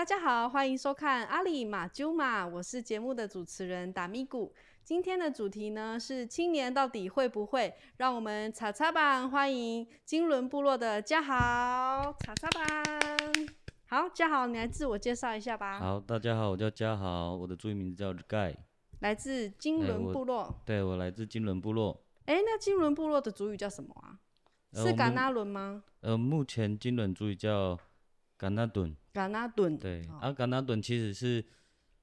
大家好，歡迎收看阿里馬啾馬，我是節目的主持人達咪咕。今天的主題呢是青年到底會不會？讓我們叉叉棒歡迎金崙部落的嘉豪叉叉棒。好，嘉豪，你來自我介紹一下吧。好，大家好，我叫嘉豪，我的族語名字叫蓋，來自金崙部落。我對我來自金崙部落。哎，那金崙部落的族語叫什麼啊？呃、是嘎納倫嗎？呃，目前金崙族語叫。甘納頓，甘納頓。對，哦、啊，甘納頓其實是，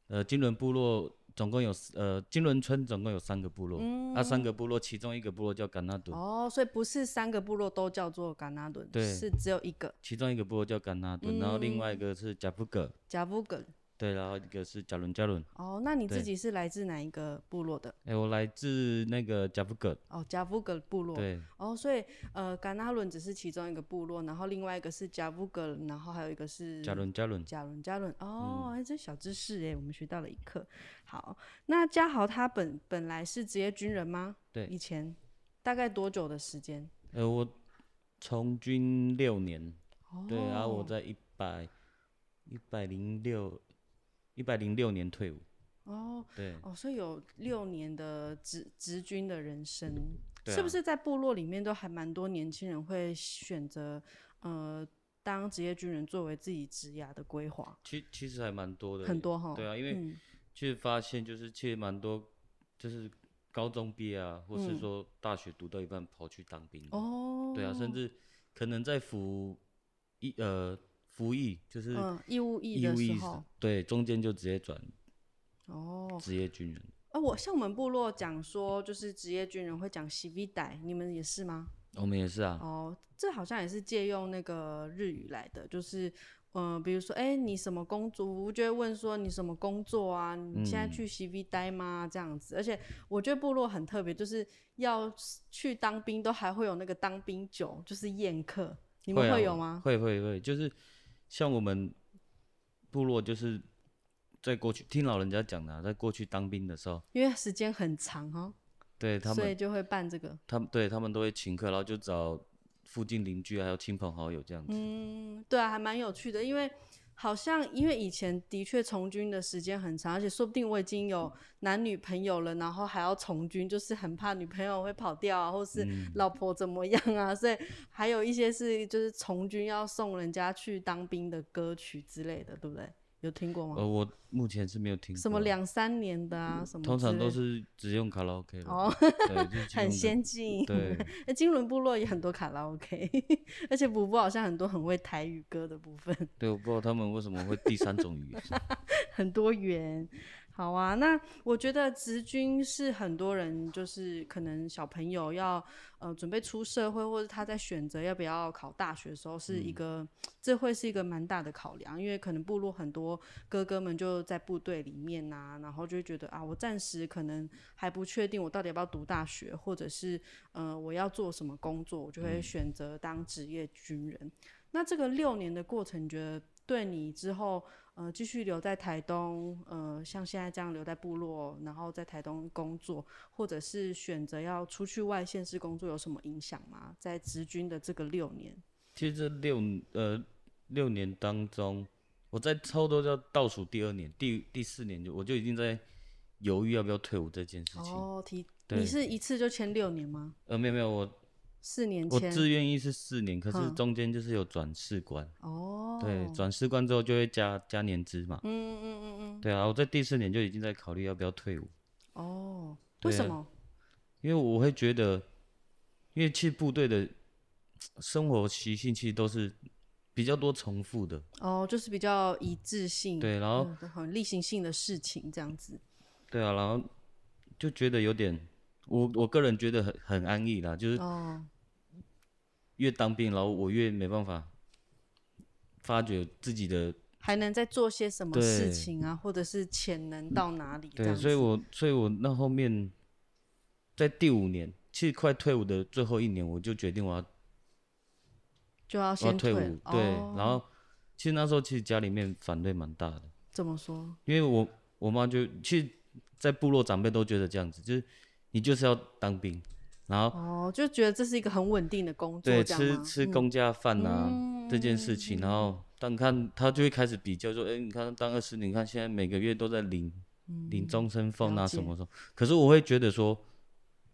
呃，金崙部落總共有，呃，金崙村總共有三個部落，嗯、啊，三個部落其中一個部落叫甘納頓哦，所以不是三個部落都叫做甘納頓，對，是只有一個，其中一個部落叫甘納頓，嗯、然後另外一個是賈布梗，賈布梗。對，然後一個是加倫加倫。哦，那你自己是來自哪一個部落的？哎、欸，我來自那個 java 賈夫格。哦，java 賈夫格部落。對。哦，所以呃，加拿倫只是其中一個部落，然後另外一個是 java 賈夫格，然後還有一個是加倫加倫加倫加倫。哦、嗯欸，這小知識哎、欸，我們學到了一課。好，那佳豪他本本來是職業軍人嗎？對。以前大概多久的時間？呃、欸，我從軍六年。哦。對、然後、啊、我在一百一百零六。一百零六年退伍，哦，對，哦，所以有六年的職職軍的人生，嗯對啊，是不是在部落裡面都還蠻多年輕人會選擇呃當職業軍人作為自己職涯的規劃？其其實還蠻多的，很多哈，對啊，因為其實發現就是其實蠻多，就是高中畢業啊，或是說大學讀到一半跑去當兵，哦，嗯，對啊，甚至可能在服一呃。服役就是、嗯、義、務役義務役的時候，對，中間就直接轉哦，職業軍人。哦、啊，我像我們部落講說，就是職業軍人會講 CV 待，你們也是嗎？我們也是啊。哦，這好像也是借用那個日語來的，就是嗯，比如說，哎、欸，你什麼工作？我就會問說你什麼工作啊？你現在去 CV 待嗎？嗯、這樣子。而且我覺得部落很特別，就是要去當兵都還會有那個當兵酒，就是宴客，你們會有嗎？會、哦、會會會，就是。像我們部落就是在過去聽老人家講的啊，在過去當兵的時候，因為時間很長哦，對，他們所以就會辦這個。他們對他們都會請客，然後就找附近鄰居還有親朋好友這樣子。嗯，對啊，還蠻有趣的，因為。好像因為以前的確從軍的時間很長，而且說不定我已經有男女朋友了，嗯、然後還要從軍，就是很怕女朋友會跑掉啊，或是老婆怎麼樣啊，嗯、所以還有一些是就是從軍要送人家去當兵的歌曲之類的，對不對？有聽過嗎？呃，我目前是沒有聽過什麼兩三年的啊，嗯、什麼通常都是只用卡拉 OK 哦，就是、 很先進進。對，欸、金崙部落也很多卡拉 OK， 而且卜卜好像很多很會台語歌的部分。對，我不知道他們為什麼會第三種語言， 很多元。好啊，那我覺得職軍是很多人，就是可能小朋友要呃準備出社會，或者他在選擇要不要考大學的時候，是一個、嗯、這會是一個蠻大的考量，因為可能部落很多哥哥們就在部隊裡面吶、啊，然後就會覺得啊，我暫時可能還不確定我到底要不要讀大學，或者是呃我要做什麼工作，我就會選擇當職業軍人。嗯、那這個六年的過程，你覺得對你之後。呃，繼續留在台東，呃，像現在這樣留在部落，然後在台東工作，或者是選擇要出去外縣市工作，有什麼影響嗎？在職軍的這個六年，其實這六呃六年當中，我在差不多叫倒數第二年，第第四年就我就已經在猶豫要不要退伍這件事情。哦，提對你是一次就簽六年嗎？呃，沒有沒有我。四年前，我自願役是四年，可是中間就是有轉士官。哦、嗯，對，轉士官之後就會加加年資嘛。嗯嗯嗯嗯。嗯嗯對啊，我在第四年就已經在考慮要不要退伍。哦，為什麼？因為我會覺得，因為去部隊的生活習性其實都是比較多重複的。哦，就是比較一致性。嗯、對，然後很例行性的事情這樣子。對啊，然後就覺得有點，我我個人覺得很很安逸啦，就是。哦。越當兵，然後我越沒辦法發掘自己的，還能再做些什麼事情啊，對或者是潛能到哪裡？對，所以我，所以我那後面，在第五年，其實快退伍的最後一年，我就決定我要就要先要退伍。哦、對，然後其實那時候其實家裡面反對蠻大的，怎麼說？因為我我媽就去在部落長輩都覺得這樣子，就是你就是要當兵。然後哦，就覺得這是一個很穩定的工作，對，吃吃公家飯吶、啊嗯、這件事情。然後，但看他就會開始比較說，哎、嗯欸，你看當二師你看現在每個月都在領，嗯、領終身俸啊什麼什麼。解可是我會覺得說，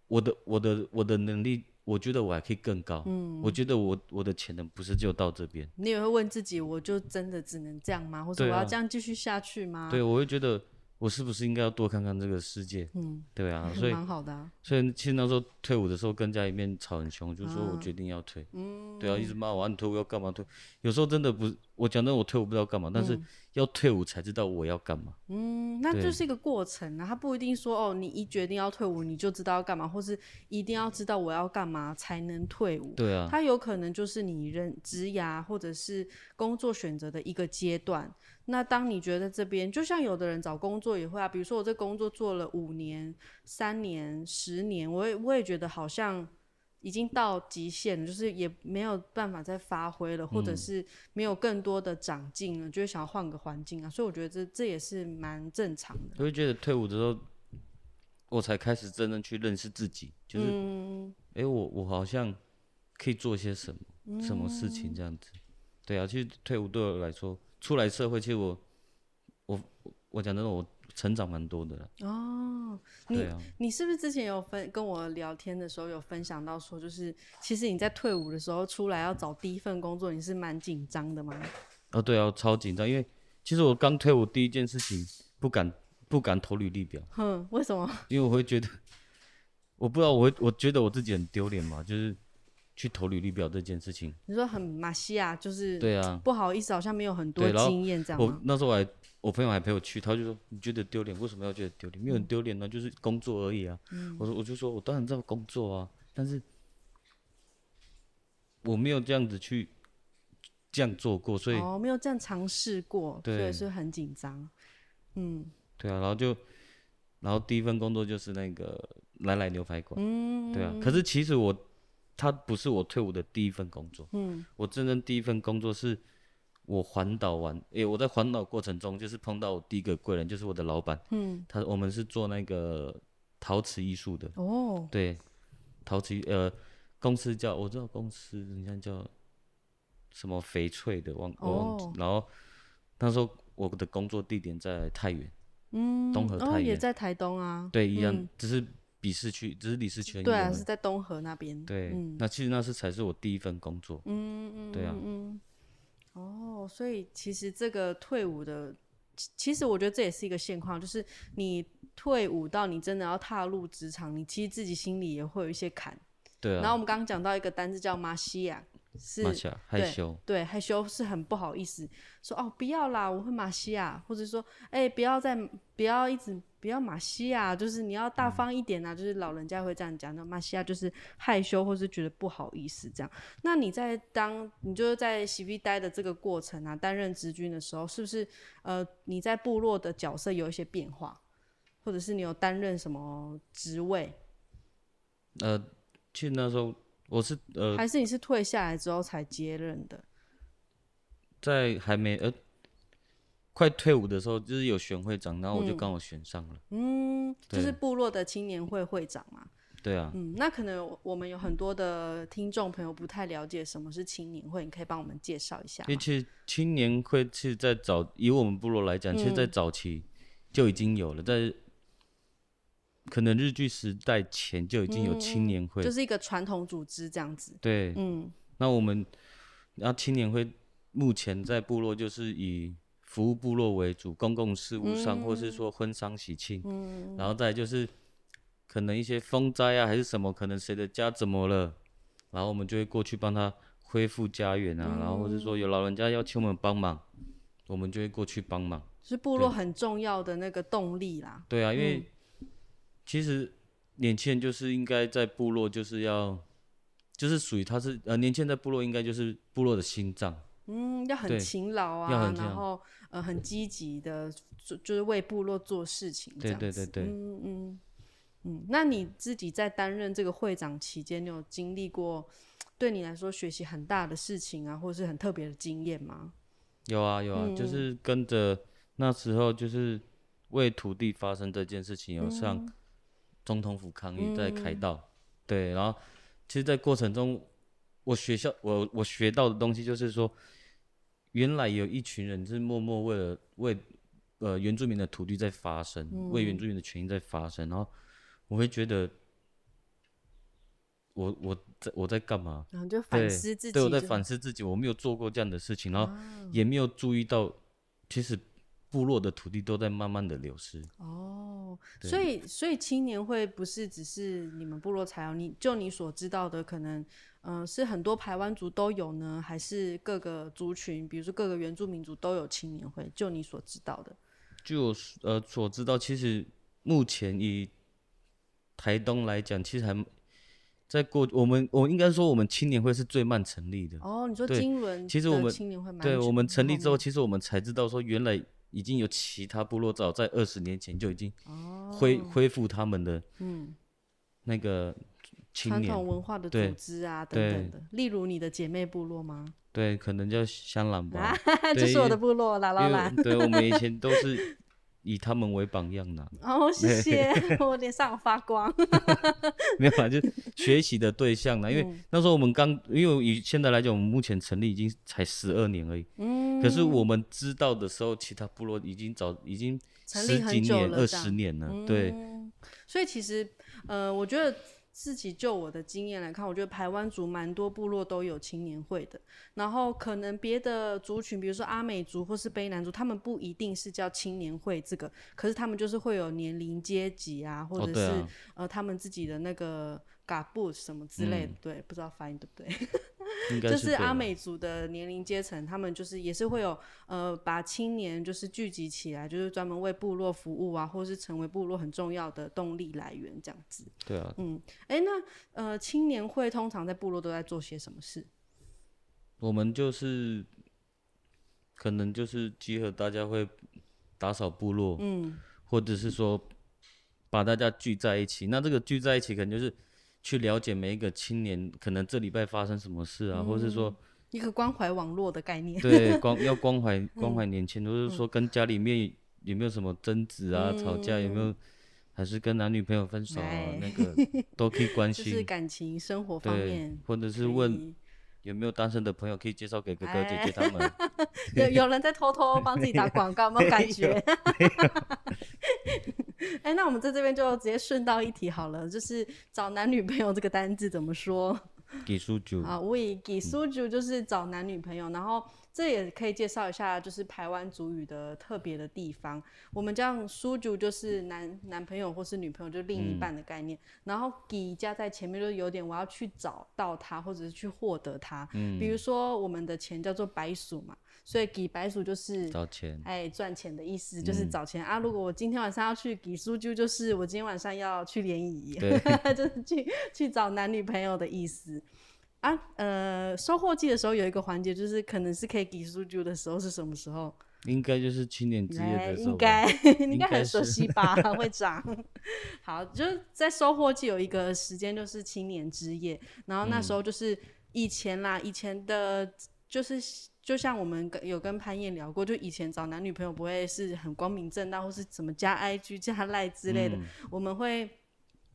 我的我的我的能力，我覺得我還可以更高，嗯、我覺得我我的潛能不是就到這邊。你也會問自己，我就真的只能這樣嗎？啊、或者我要這樣繼續下去嗎？對，我會覺得。我是不是應該要多看看這個世界？嗯，對啊，嗯、所以蠻好的、啊。所以其實那時候退伍的時候跟家裡面吵很凶，啊、就說我決定要退。嗯，對啊，一直罵我，你退伍要幹嘛退？有時候真的不。我講到我退伍不知道幹嘛，但是要退伍才知道我要幹嘛。嗯，對嗯，那就是一個過程啊。他不一定說哦，你一決定要退伍你就知道要幹嘛，或是一定要知道我要幹嘛才能退伍。對啊，他有可能就是你人職涯或者是工作選擇的一個階段。那當你覺得這邊就像有的人找工作也會啊，比如說我這工作做了五年、三年、十年，我也我也覺得好像。已經到極限，就是也沒有辦法再發揮了，或者是沒有更多的長進了，嗯、就是想要換個環境啊。所以我覺得這這也是蠻正常的。我會覺得退伍的時候，我才開始真正去認識自己，就是，哎、嗯欸，我我好像可以做些什麼，嗯、什麼事情這樣子。對啊，其實退伍對我來說，出來社會，其實我，我我講真的那種我。成長蠻多的了哦，你、啊、你是不是之前有分跟我聊天的時候有分享到說，就是其實你在退伍的時候出來要找第一份工作，你是蠻緊張的嗎？哦對哦、啊，超緊張，因為其實我剛退伍第一件事情不敢不敢投履歷表，哼、嗯，為什麼？因為我會覺得，我不知道，我會我覺得我自己很丟臉嘛，就是。去投履歷表這件事情，你說很馬西亞就是對啊，不好意思，好像沒有很多經驗這樣。我那時候還，我朋友還陪我去，他就說你覺得丟臉，為什麼要覺得丟臉？嗯、沒有很丟臉呢，就是工作而已啊。嗯、我說我就說我當然知道工作啊，但是我沒有這樣子去這樣做過，所以哦，沒有這樣嘗試過，對所以是很緊張。嗯，對啊，然後就，然後第一份工作就是那個來來牛排館，嗯，嗯，嗯，對啊，可是其實我。他不是我退伍的第一份工作，嗯，我真正第一份工作是我環島玩。誒、欸，我在環島過程中就是碰到我第一個貴人，就是我的老闆，嗯，他我們是做那個陶瓷藝術的，哦，對，陶瓷呃，公司叫我知道公司好像叫什麼翡翠的，我忘，哦，然後他說我的工作地點在太原，嗯，東和太原，哦、也在台東啊，對，一樣，嗯、只是。筆市區，只是離市區，對啊，是在東河那邊。對，嗯，那其實那是才是我第一份工作。嗯嗯。嗯對啊。嗯，哦，所以其實這個退伍的，其實我覺得這也是一個現況，就是你退伍到你真的要踏入職場，你其實自己心裡也會有一些坎。對啊。然後我們剛剛講到一個單字叫“瑪西亞”。是，M asha, 對害羞，對，害羞是很不好意思，說哦，不要啦，我會馬西亞，或者說，哎、欸，不要再，不要一直，不要馬西亞，就是你要大方一點啊，嗯、就是老人家會這樣講，那馬西亞就是害羞或是覺得不好意思這樣。那你在當你就是在西非待的這個過程啊，擔任職軍的時候，是不是呃，你在部落的角色有一些變化，或者是你有擔任什麼職位？呃，去那時候。我是呃，還是你是退下來之後才接任的？在還沒呃，快退伍的時候，就是有選會長，然後我就剛好選上了。嗯，嗯對就是部落的青年會會長嘛、啊。對啊。嗯，那可能我們有很多的聽眾朋友不太了解什麼是青年會，你可以幫我們介紹一下。其實青年會是在早，以我們部落來講，其實，在早期就已經有了，在。可能日據時代前就已經有青年會，嗯、就是一個傳統組織這樣子。對，嗯，那我們，那、啊、青年會目前在部落就是以服務部落為主，公共事務上，嗯、或是說婚喪喜慶，嗯、然後再就是可能一些風災啊，還是什麼，可能誰的家怎麼了，然後我們就會過去幫他恢復家園啊，嗯、然後或者說有老人家要求我們幫忙，我們就會過去幫忙，是部落很重要的那個動力啦。對，嗯、對啊，因為。其實，年輕人就是應該在部落，就是要，就是屬於他是呃，年輕人在部落應該就是部落的心臟。嗯，要很勤勞啊，勞然後呃很積極的，就就是為部落做事情這樣子。對對對對。嗯嗯嗯，那你自己在擔任這個會長期間，你有經歷過對你來說學習很大的事情啊，或是很特別的經驗嗎？有啊，有啊有啊，嗯、就是跟着那時候就是為土地發生這件事情，有上。嗯總統府抗議在凱道，嗯、對，然後，其實，在過程中，我學校我我學到的東西就是說，原來有一群人是默默為了為，呃，原住民的土地在發聲，嗯、為原住民的權益在發聲，然後我會覺得我，我在我在我在幹嘛？然後就反思自己對，對我在反思自己，我沒有做過這樣的事情，然後也沒有注意到，啊、其實。部落的土地都在慢慢的流失哦，對所以所以青年會不是只是你們部落才有，你就你所知道的，可能嗯、呃、是很多台灣族都有呢，還是各個族群，比如說各個原住民族都有青年會？就你所知道的，就呃所知道，其實目前以台東來講，其實還在過我們我應該說我們青年會是最慢成立的哦。你說金崙，其實我們青年會對我們成立之後，其實我們才知道說原來。嗯已經有其他部落早在二十年前就已經、哦、恢恢復他們的嗯那個青年傳、嗯、統文化的組織啊對等等的，例如你的姐妹部落嗎？對，可能叫香蘭吧，這、啊、對是我的部落啦啦啦，對，我們以前都是。 以他們為榜樣呢？哦，oh, 謝謝， 我臉上有發光。 沒有啊，就是學習的對象呢。 因為那時候我們剛，因為以現在來講，我們目前成立已經才十二年而已。嗯、可是我們知道的時候，其他部落已經早已經十幾年成立很久了，二十年了。嗯、對。所以其實，呃，我覺得。自己就我的經驗來看，我覺得排灣族蠻多部落都有青年會的。然後可能別的族群，比如說阿美族或是卑南族，他們不一定是叫青年會這個，可是他們就是會有年齡階級啊，或者是、哦啊、呃他們自己的那個嘎布什麼之類的，嗯、對，不知道發音對不對。 這 是阿美族的年齡階層，他們就是也是會有呃，把青年就是聚集起來，就是專門為部落服務啊，或是成為部落很重要的動力來源這樣子。對啊，嗯，哎、欸，那呃，青年會通常在部落都在做些什麼事？我們就是可能就是集合大家會打掃部落，嗯，或者是說把大家聚在一起。那這個聚在一起，可能就是。去了解每一個青年可能這禮拜發生什麼事啊，或是說一個關懷網絡的概念，對，關要關懷關懷年輕，就是說跟家裡面有沒有什麼爭執啊、吵架，有沒有還是跟男女朋友分手啊，那個都可以關心，是感情生活方面，或者是問有沒有單身的朋友可以介紹給哥哥姐姐他們，有有人在偷偷幫自己打廣告，有沒有感覺？哎，那我們在這邊就直接順道一提好了，就是找男女朋友這個單字怎麼說？給蘇主啊，喂給蘇主就是找男女朋友，嗯、然後。這也可以介紹一下，就是台灣族語的特別的地方。我們這樣“叔舅”就是男男朋友或是女朋友，就另一半的概念。嗯、然後“給”加在前面，就有點我要去找到他，或者是去獲得他。嗯，比如說我們的錢叫做“白鼠”嘛，所以“給白鼠”就是找錢，哎，賺錢的意思，就是找錢、嗯、啊。如果我今天晚上要去“給叔舅”，就是我今天晚上要去聯誼，哈哈對， 就是去去找男女朋友的意思。啊，呃，收穫祭的時候有一個環節，就是可能是可以給數據的時候，是什麼時候？應該就是青年之夜應該該應該很熟悉吧？該會長， 好，就是在收穫祭有一個時間，就是青年之夜，然後那時候就是以前啦，嗯、以前的，就是就像我們跟有跟潘燕聊過，就以前找男女朋友不會是很光明正大，或是怎麼加 IG 加 LINE 之類的，嗯、我們會。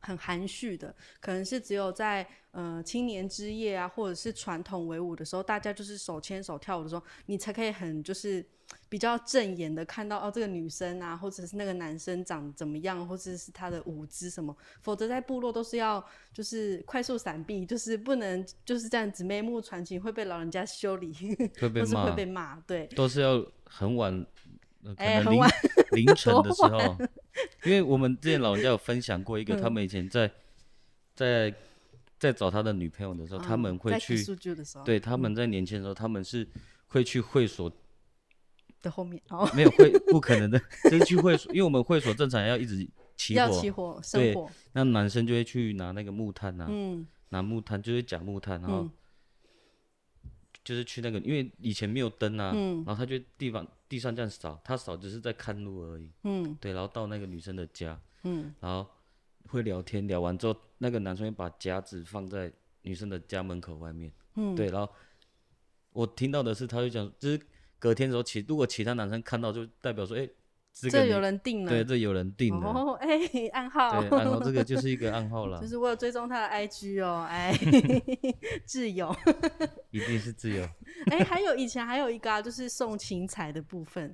很含蓄的，可能是只有在呃青年之夜啊，或者是傳統圍舞的時候，大家就是手牽手跳舞的時候，你才可以很就是比較正眼的看到哦這個女生啊，或者是那個男生長怎麼樣，或者是他的舞姿什麼。否則在部落都是要就是快速閃避，就是不能就是這樣子，眉目傳情會被老人家修理，都是會被罵，對，都是要很晚。可能凌凌晨的時候，因為我們之前老人家有分享過一個，他們以前在在在找他的女朋友的時候，他們會去，對，他們在年輕的時候，他們是會去會所的後面，沒有，會不可能的，是去會所，因為我們會所正常要一直起火，起火，對，那男生就會去拿那個木炭吶，拿木炭就是假木炭啊。就是去那個，因為以前沒有燈啊，嗯、然後他就地方地上這樣掃，他掃只是在看路而已。嗯、對，然後到那個女生的家，嗯、然後會聊天，聊完之後，那個男生也把夾子放在女生的家門口外面。嗯、對，然後我聽到的是，他就講，就是隔天的時候其，其如果其他男生看到，就代表說，哎、欸。這，這有人定了，對，這有人定了。哦。哎、欸，暗號，對，然後這個就是一個暗號了。 就是我有追蹤他的 IG 哦，哎， 自由， 一定是自由。哎、 欸，還有以前還有一個啊，就是送青菜的部分。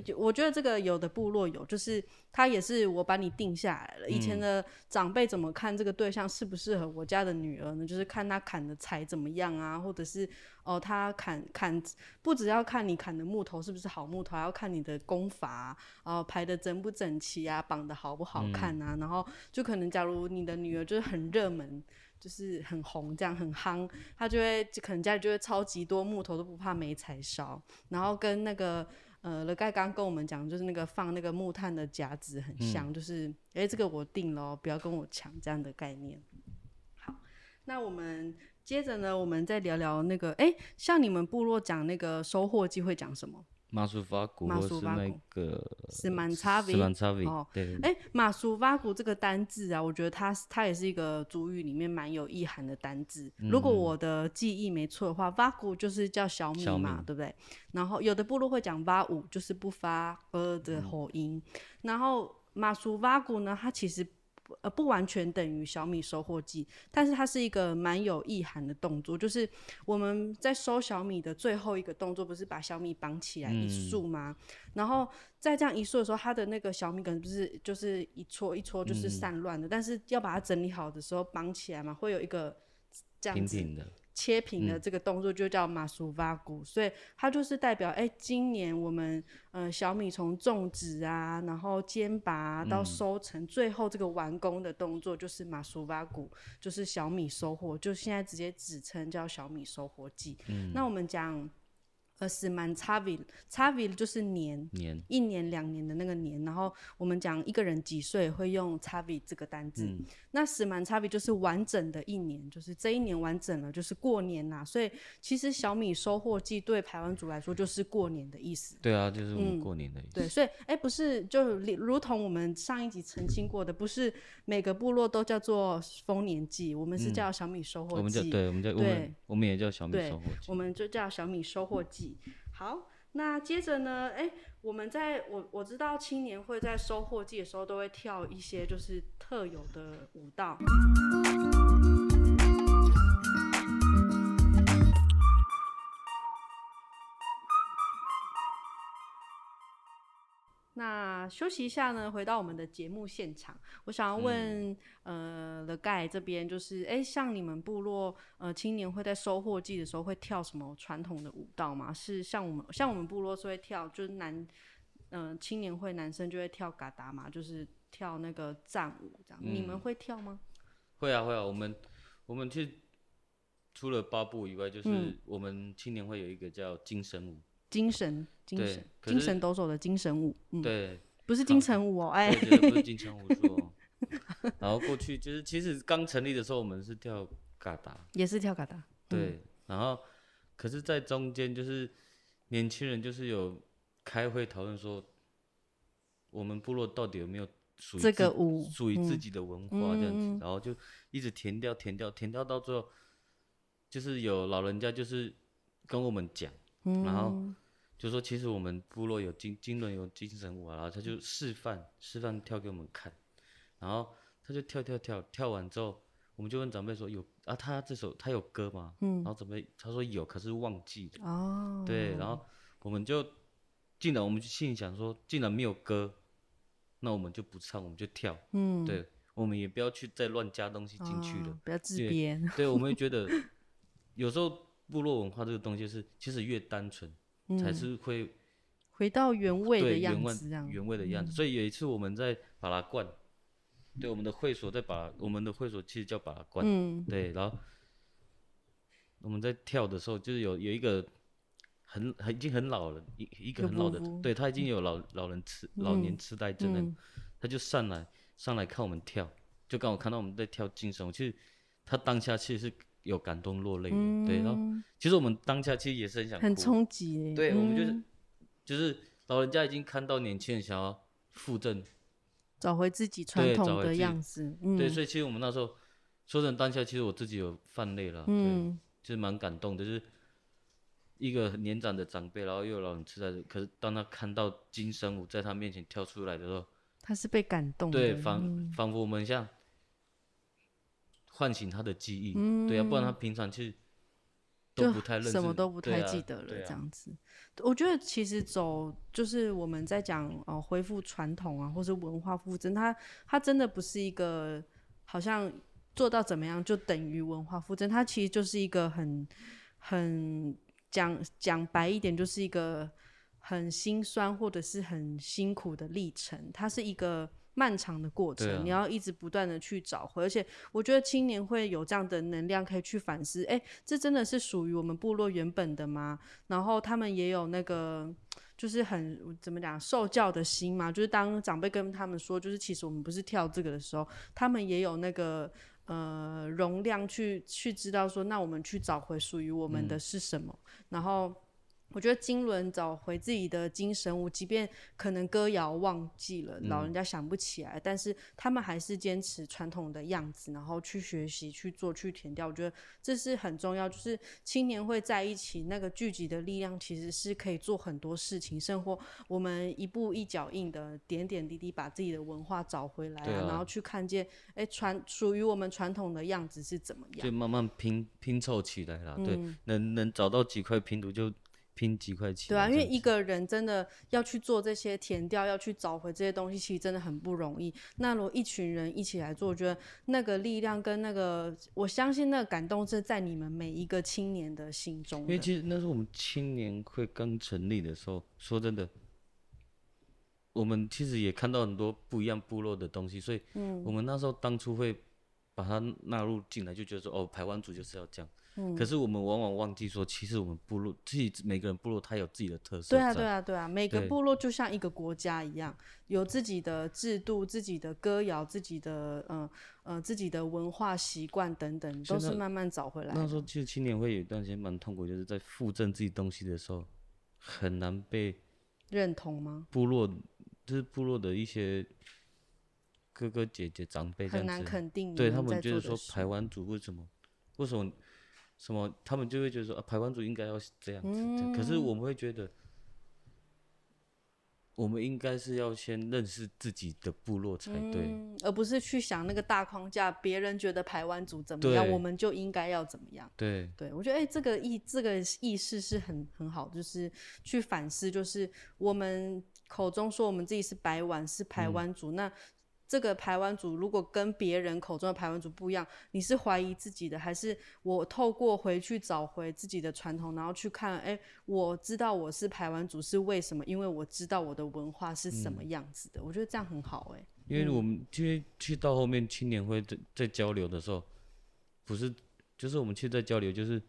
就我覺得這個有的部落有，就是他也是我把你定下來了。嗯、以前的長輩怎麼看這個對象適不適合我家的女兒呢？就是看他砍的柴怎麼樣啊，或者是哦、呃，他砍砍不只要看你砍的木頭是不是好木頭，還要看你的功法、啊，然、呃、後排得整不整齊啊，綁得好不好看啊。嗯、然後就可能假如你的女兒就是很熱門，就是很紅這樣很夯，他就會可能家裡就會超級多木頭，都不怕沒柴燒。然後跟那個。嗯呃，樂蓋剛跟我們講，就是那個放那個木炭的夾子很像。嗯、就是誒、欸，這個我定了，不要跟我搶這樣的概念。好，那我們接着呢，我們再聊聊那個，誒、欸，像你們部落講那個收穫祭會講什麼？嗯馬蘇瓦古馬蘇瓦古是蠻差的哦。誒，馬蘇瓦古這個單字啊，我覺得它它也是一個族語裡面蠻有意涵的單字。嗯、如果我的記憶沒錯的話，瓦古就是叫小米嘛，米對不對？然後有的部落會講瓦五，就是不發呃的喉音。嗯、然後馬蘇瓦古呢，它其實。呃，不完全等於小米收穫季，但是它是一個蠻有意涵的動作，就是我們在收小米的最後一個動作，不是把小米綁起來一束嗎？嗯、然後在這樣一束的時候，它的那個小米梗不是就是就是一撮一撮就是散亂的，嗯、但是要把它整理好的時候綁起來嘛，會有一個這樣子。定定的切平的這個動作就叫馬蘇巴谷，所以它就是代表，哎、欸，今年我們嗯、呃，小米從種植啊，然後間拔、啊、到收成，嗯、最後這個完工的動作就是馬蘇巴谷，就是小米收穫，就現在直接指稱叫小米收穫季。嗯、那我們講。是滿差比，差比就是年，年一年兩年的那個年。然後我們講一個人幾歲會用差比這個單字，嗯、那死滿差比就是完整的一年，就是這一年完整了，就是過年啦、啊。所以其實小米收穫祭對排灣族來說就是過年的意思。對啊，就是過年的意思。嗯、對，所以哎、欸，不是就如同我們上一集澄清過的，嗯、不是每個部落都叫做豐年祭，我們是叫小米收穫祭。我們叫，對，我們叫，對，我們也叫小米收穫祭，我們就叫小米收穫祭。嗯。好，那接着呢？誒，我們在我我知道青年會在收穫季的時候都會跳一些就是特有的舞蹈。那。休息一下呢，回到我們的節目現場，我想要問，嗯、呃，The Guy 這邊就是，哎、欸，像你們部落，呃，青年會在收穫季的時候會跳什麼傳統的舞蹈嗎？是像我們，像我們部落是會跳，就是男，嗯、呃，青年會男生就會跳嘎達嘛，就是跳那個戰舞這樣，嗯、你們會跳嗎？會啊，會啊，我們我們去除了八步以外，就是我們青年會有一個叫精神舞，嗯、精神精神對是精神抖擻的精神舞，嗯、對。不是金城武哦，哎好、欸，不是金城武說，然後過去就是其實剛成立的時候，我們是跳嘎達，也是跳嘎達，對。嗯、然後，可是，在中間就是年輕人就是有開會討論說，我們部落到底有沒有屬這個舞屬於自己的文化這樣子，嗯嗯、然後就一直填掉填掉填掉到最後，就是有老人家就是跟我們講，嗯、然後。就說其實我們部落有精，金崙有精神舞啊，然後他就示範示範跳給我們看，然後他就跳跳跳跳完之後，我們就問長輩說有啊？他這首他有歌嗎？嗯。然後長輩他說有，可是忘記了。哦。對，然後我們就，既然，我們就心裡想說，既然沒有歌，那我們就不唱，我們就跳。嗯。對，我們也不要去再亂加東西進去了、哦，不要自編。對，我們會覺得 有時候部落文化這個東西是，其實越單純。才是會、嗯、回到原位，的樣子，對原位味的樣子。嗯、所以有一次我們在把它灌，嗯、對，我們的會所在把我們的會所其實叫把它灌，嗯、對。然後我們在跳的時候，就是有有一個很很已經很老了，一一個很老的，不不對他已經有老老人痴老年痴呆症了，嗯、他就上來上來看我們跳，就剛好看到我們在跳精神舞，其實他當下其實是。有感動落淚、嗯、對。然後其實我們當下其實也是很想哭很衝擊、欸，對我們就是、嗯、就是老人家已經看到年輕人想要復振，找回自己傳統的樣子，嗯、對。所以其實我們那時候說成當下，其實我自己有泛淚了，嗯，就是蠻感動的，就是一個年長的長輩，然後又有老人癡呆，可是當他看到金生舞在他面前跳出來的時候，他是被感動，的。對，仿仿佛我們像。喚醒他的記憶，嗯、對啊，不然他平常其實都不太認識，就就什麼都不太記得了。這樣子，啊啊、我覺得其實走就是我們在講哦、呃，恢復傳統啊，或是文化復振，它它真的不是一個好像做到怎麼樣就等於文化復振，它其實就是一個很很講講白一點就是一個很心酸或者是很辛苦的歷程，它是一個。漫長的過程，啊、你要一直不斷的去找回，而且我覺得青年會有這樣的能量可以去反思，哎、欸，這真的是屬於我們部落原本的嗎？然後他們也有那個，就是很怎麼講受教的心嘛，就是當長輩跟他們說，就是其實我們不是跳這個的時候，他們也有那個呃容量去去知道說，那我們去找回屬於我們的是什麼，嗯、然後。我覺得金崙找回自己的精神，我即便可能歌謠忘記了，老人家想不起來，嗯、但是他們還是堅持傳統的樣子，然後去學習、去做、去田調。我覺得這是很重要，就是青年會在一起，那個聚集的力量其實是可以做很多事情，甚或我們一步一腳印的點點滴滴，把自己的文化找回來啊，然後去看見，哎、欸，傳屬於我們傳統的樣子是怎麼樣，就慢慢拼拼湊起來了。嗯、對，能能找到幾塊拼圖就拼幾塊錢？對啊，因為一個人真的要去做這些田調，要去找回這些東西，其實真的很不容易。那如果一群人一起來做，嗯、我覺得那個力量跟那個，我相信那個感動是在你們每一個青年的心中的。因為其實那時候我們青年會剛成立的時候，嗯、說真的，我們其實也看到很多不一樣部落的東西，所以我們那時候當初會把它納入進來，就覺得說，哦，排灣族就是要這樣。嗯、可是我們往往忘記說，其實我們部落自己每個人部落，它有自己的特色。對啊，對啊，對啊，每個部落就像一個國家一樣，對有自己的制度、自己的歌謠、自己的嗯呃，呃、自己的文化習慣等等，都是慢慢找回來那。那時候其實青年會有一段時間蠻痛苦，就是在附贈自己東西的時候，很難被認同嗎？部落就是部落的一些哥哥姐姐長輩很難肯定有有，對他們就是說排灣族為什麼為什麼。什麼？他們就會覺得說，啊、排灣族應該要這樣子、嗯這樣。可是我們會覺得，我們應該是要先認識自己的部落才對，嗯、而不是去想那個大框架。別人覺得排灣族怎麼樣，對我們就應該要怎麼樣。對，對我覺得，哎、欸，這個意這個意識是很很好，就是去反思，就是我們口中說我們自己是白灣，是排灣族，那、嗯。這個排灣族，如果跟別人口中的排灣族不一樣，你是懷疑自己的，還是我透過回去找回自己的傳統，然後去看，哎，我知道我是排灣族是為什麼？因為我知道我的文化是什麼樣子的。嗯，我覺得這樣很好欸，哎。因為我們去去到後面青年會在，在交流的時候，不是就是我們去在交流，就是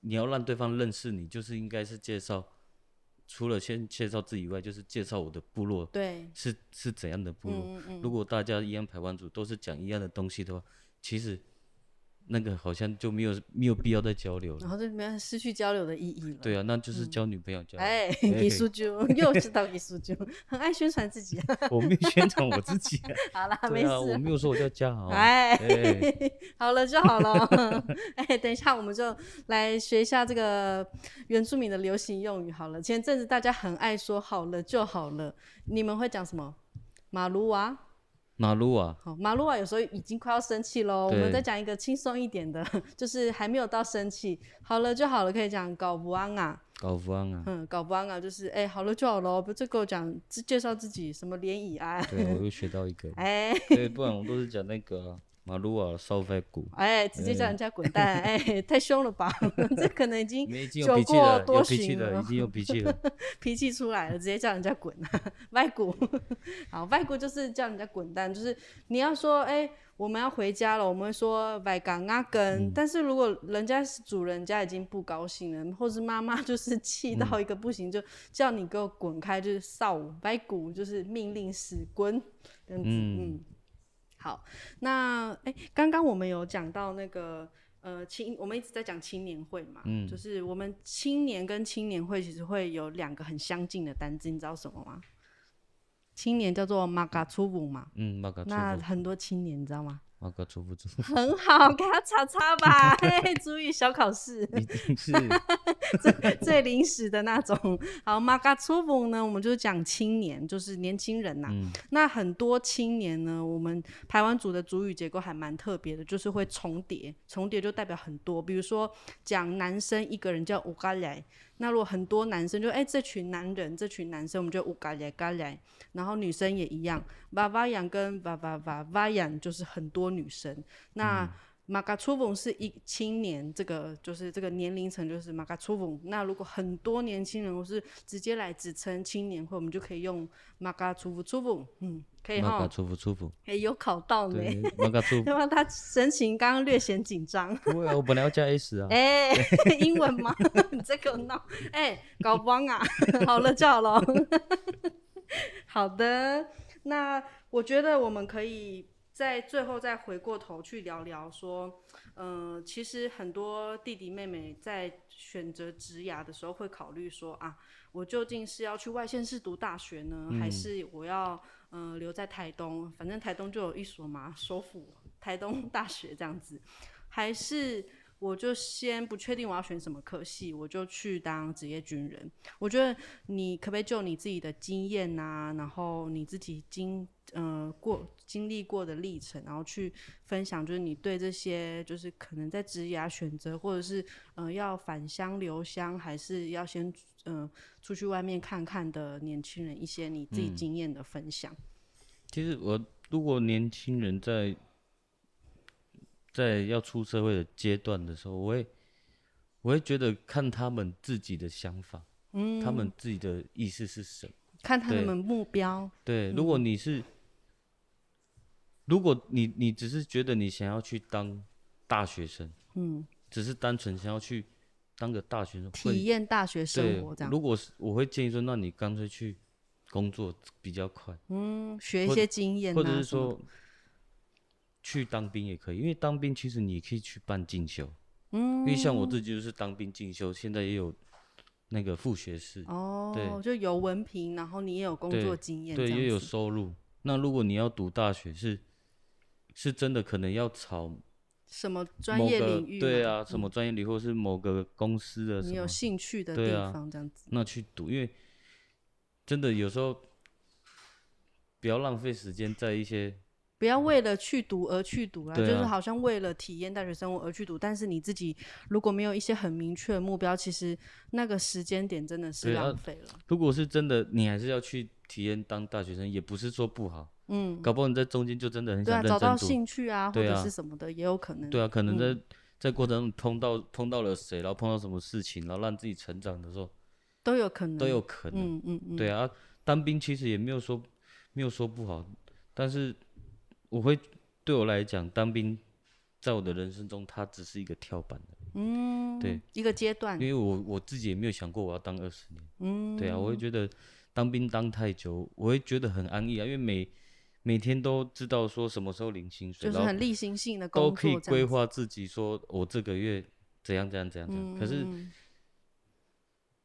你要讓對方認識你，就是應該是介紹。除了先介紹自己以外，就是介紹我的部落，對，是是怎樣的部落？嗯嗯，如果大家一樣排完組，都是講一樣的東西的話，其實。那個好像就沒有沒有必要再交流了，然後就沒有失去交流的意義了。對啊，那就是交女朋友交流、嗯。哎，吉叔舅，又知道吉叔舅，很愛宣傳自己。 我沒有宣傳我自己、啊。好了，沒事、啊。我沒有說我叫家豪。哎，哎好了就好了。 哎，等一下，我們就來學一下這個原住民的流行用語。好了，前陣子大家很愛說“好了就好了”，你們會講什麼？馬魯娃？馬路啊，好，馬路啊，有時候已經快要生氣嘍。對我們再講一個輕鬆一點的，就是還沒有到生氣，好了就好了，可以講搞不安啊，搞不安啊，啊嗯，搞不安啊，就是哎、欸，好了就好囉，不給我，這個講介紹自己什麼聯誼啊，對我又學到一個，哎、欸，對，不然我都是講那個。馬魯瓦掃外骨，哎、欸，直接叫人家滾蛋，哎、欸，欸、太兇了吧？ 這可能已經酒過多巡了，了，了，已經有脾氣了， 脾氣出來了，直接叫人家滾。外骨，好，外骨就是叫人家滾蛋，就是你要說，哎、欸，我們要回家了，我們會說外港阿根。嗯、但是如果人家是主人家已經不高興了，或是媽媽就是氣到一個不行，嗯、就叫你給我滾開，就是掃外骨，就是命令式，滾，這樣子嗯。嗯好，那誒，剛、欸、剛我們有講到那個呃青，我們一直在講青年會嘛，嗯、就是我們青年跟青年會其實會有兩個很相近的單字，你知道什麼嗎？青年叫做瑪嘎初補嘛，嗯，瑪嘎初補，那很多青年你知道嗎？很好，給他查查吧， 嘿，嘿，主語小考試， 最最臨時的那種。好，馬格楚夫呢，我們就講青年，就是年輕人吶、啊。嗯、那很多青年呢，我們排灣族的主語結構還蠻特別的，就是會重疊，重疊就代表很多。比如說，講男生一個人叫烏咖萊。那如果很多男生就哎、欸，這群男人，這群男生，我們就烏嘎列嘎咧，然後女生也一樣，瓦瓦樣跟瓦瓦瓦瓦樣，就是很多女生，那。嗯 Magacufo 是一青年，這個就是這個年齡層，就是 Magacufo。那如果很多年輕人，我是直接來指稱青年會，或我們就可以用 Magacufo。cufo，嗯，可以哈。Magacufo，cufo。哎，可以有考到呢。對 Magacufo、嗯、 他神情剛剛略顯緊張。我本來要加 s 啊。哎、欸， 英文嗎？ 你在跟我鬧？哎、 欸，搞崩啊！好了就好了。 好的，那我覺得我們可以。在最後再回過頭去聊聊說，嗯、呃，其實很多弟弟妹妹在選擇職涯的時候會考慮說啊，我究竟是要去外縣市讀大學呢，還是我要嗯、呃、留在台東？反正台東就有一所嘛，首府台東大學這樣子，還是。我就先不確定我要選什麼科系，我就去當職業軍人。我覺得你可不可以就你自己的經驗啊，然後你自己經呃過經歷過的歷程，然後去分享，就是你對這些就是可能在職業啊選擇，或者是嗯、呃、要返鄉留鄉，還是要先嗯、呃、出去外面看看的年輕人一些你自己經驗的分享、嗯。其實我如果年輕人在。在要出社會的階段的時候，我會，我會覺得看他們自己的想法，嗯，他們自己的意思是什麼？看他們的對目標。對，嗯，如果你是，如果你你只是覺得你想要去當大學生，嗯，只是單純想要去當個大學生，體驗大學生活這樣。如果是，我會建議說，那你乾脆去工作比較快。嗯，學一些經驗啊，或，或者是說。去當兵也可以，因為當兵其實你可以去辦進修，嗯，因為像我自己就是當兵進修，現在也有那個副學士，哦，對，就有文憑，然後你也有工作經驗，對，也有收入。那如果你要讀大學是，是是真的可能要朝什麼專業領域？對啊，什麼專業領域或是某個公司的你有興趣的地方，這樣子，對啊。那去讀，因為真的有時候不要浪費時間在一些。不要為了去讀而去讀了，啊、就是好像為了體驗大學生活而去讀。啊、但是你自己如果沒有一些很明確的目標，其實那個時間點真的是浪費了、啊。如果是真的，你還是要去體驗當大學生，也不是說不好。嗯，搞不好你在中間就真的很想認真讀。對啊，找到興趣啊，或者是什麼的，也有可能。對啊，可能在、嗯、在過程中碰到碰到了誰，然後碰到什麼事情，然後讓自己成長的時候，都有可能。都有可能。嗯嗯嗯。嗯嗯對啊，當兵其實也沒有說沒有說不好，但是。我會對我來講，當兵在我的人生中，它只是一個跳板的，嗯，對，一個階段。因為我我自己也沒有想過我要當二十年，嗯，對啊，我會覺得當兵當太久，我會覺得很安逸啊，因為每每天都知道說什麼時候領薪水，就是很例行性的，都可以規劃自己說，我這個月怎樣怎樣怎樣，怎樣。嗯，可是，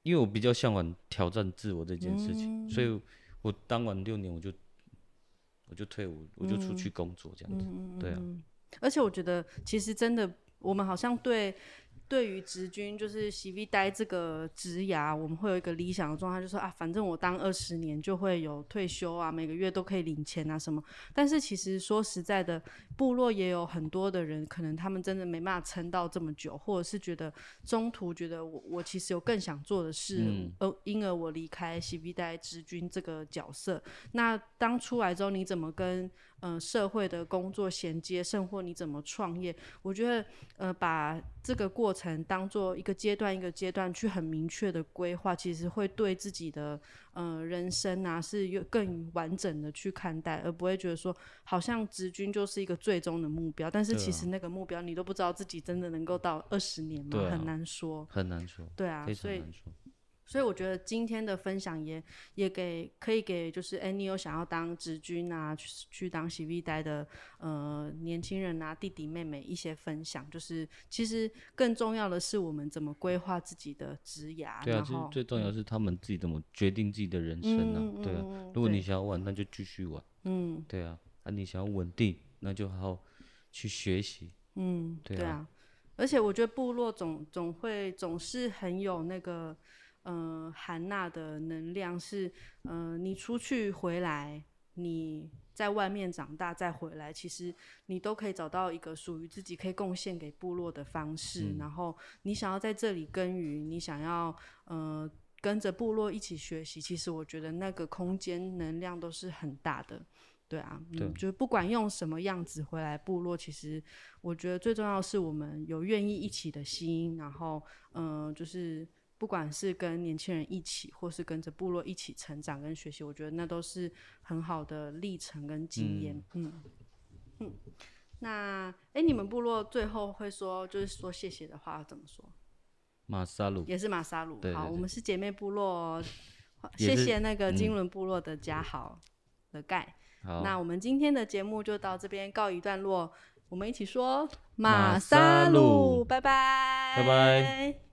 因為我比較向往挑戰自我這件事情，嗯，所以我當完六年，我就。我就退伍，我就出去工作這樣子，嗯嗯嗯、對啊。而且我覺得，其實真的，我們好像對。對於職軍就是 CV 呆這個職涯，我們會有一個理想的狀態，就是啊，反正我當二十年就會有退休啊，每個月都可以領錢啊什麼。但是其實說實在的，部落也有很多的人，可能他們真的沒辦法撐到這麼久，或者是覺得中途覺得我我其實有更想做的事，嗯、而因而我離開 CV 呆職軍這個角色。那當出來之後，你怎麼跟？嗯、呃，社會的工作銜接，甚或你怎麼創業，我覺得，呃，把這個過程當做一個階段一個階段去很明確的規劃，其實會對自己的嗯、呃，人生啊是更完整的去看待，而不會覺得說好像職軍就是一個最終的目標，但是其實那個目標你都不知道自己真的能夠到二十年嗎？啊、很難說，很難說，對啊，非常難說，所以。所以我覺得今天的分享也也給可以給就是哎、欸，你有想要當職軍啊，去去當 CV 帶的呃年輕人啊，弟弟妹妹一些分享，就是其實更重要的是我們怎麼規劃自己的職涯。對啊，最重要是他們自己怎麼決定自己的人生呢、啊？嗯、對啊，嗯、如果你想要玩，對那就繼續玩。嗯，對啊，啊，你想要穩定，那就好好去學習。嗯，對啊，對啊。而且我覺得部落總總會總是很有那個。嗯，韓娜、呃、的能量是，嗯、呃，你出去回來，你在外面長大再回來，其實你都可以找到一個屬於自己可以貢獻給部落的方式。嗯、然後你想要在這裡耕耘，你想要嗯、呃、跟着部落一起學習，其實我覺得那個空間能量都是很大的。對啊，嗯，對就不管用什麼樣子回來部落，其實我覺得最重要是我們有願意一起的心，然後嗯、呃、就是。不管是跟年輕人一起，或是跟着部落一起成長跟學習，我覺得那都是很好的歷程跟經驗。嗯、嗯，嗯。那哎、欸，你們部落最後會說就是說謝謝的話要怎麼說？馬薩魯也是馬薩魯。對對對，好，我們是姐妹部落，喔，嗯、謝謝那個金崙部落的佳豪的蓋。那我們今天的節目就到這邊告一段落，我們一起說馬薩魯，拜拜，拜拜。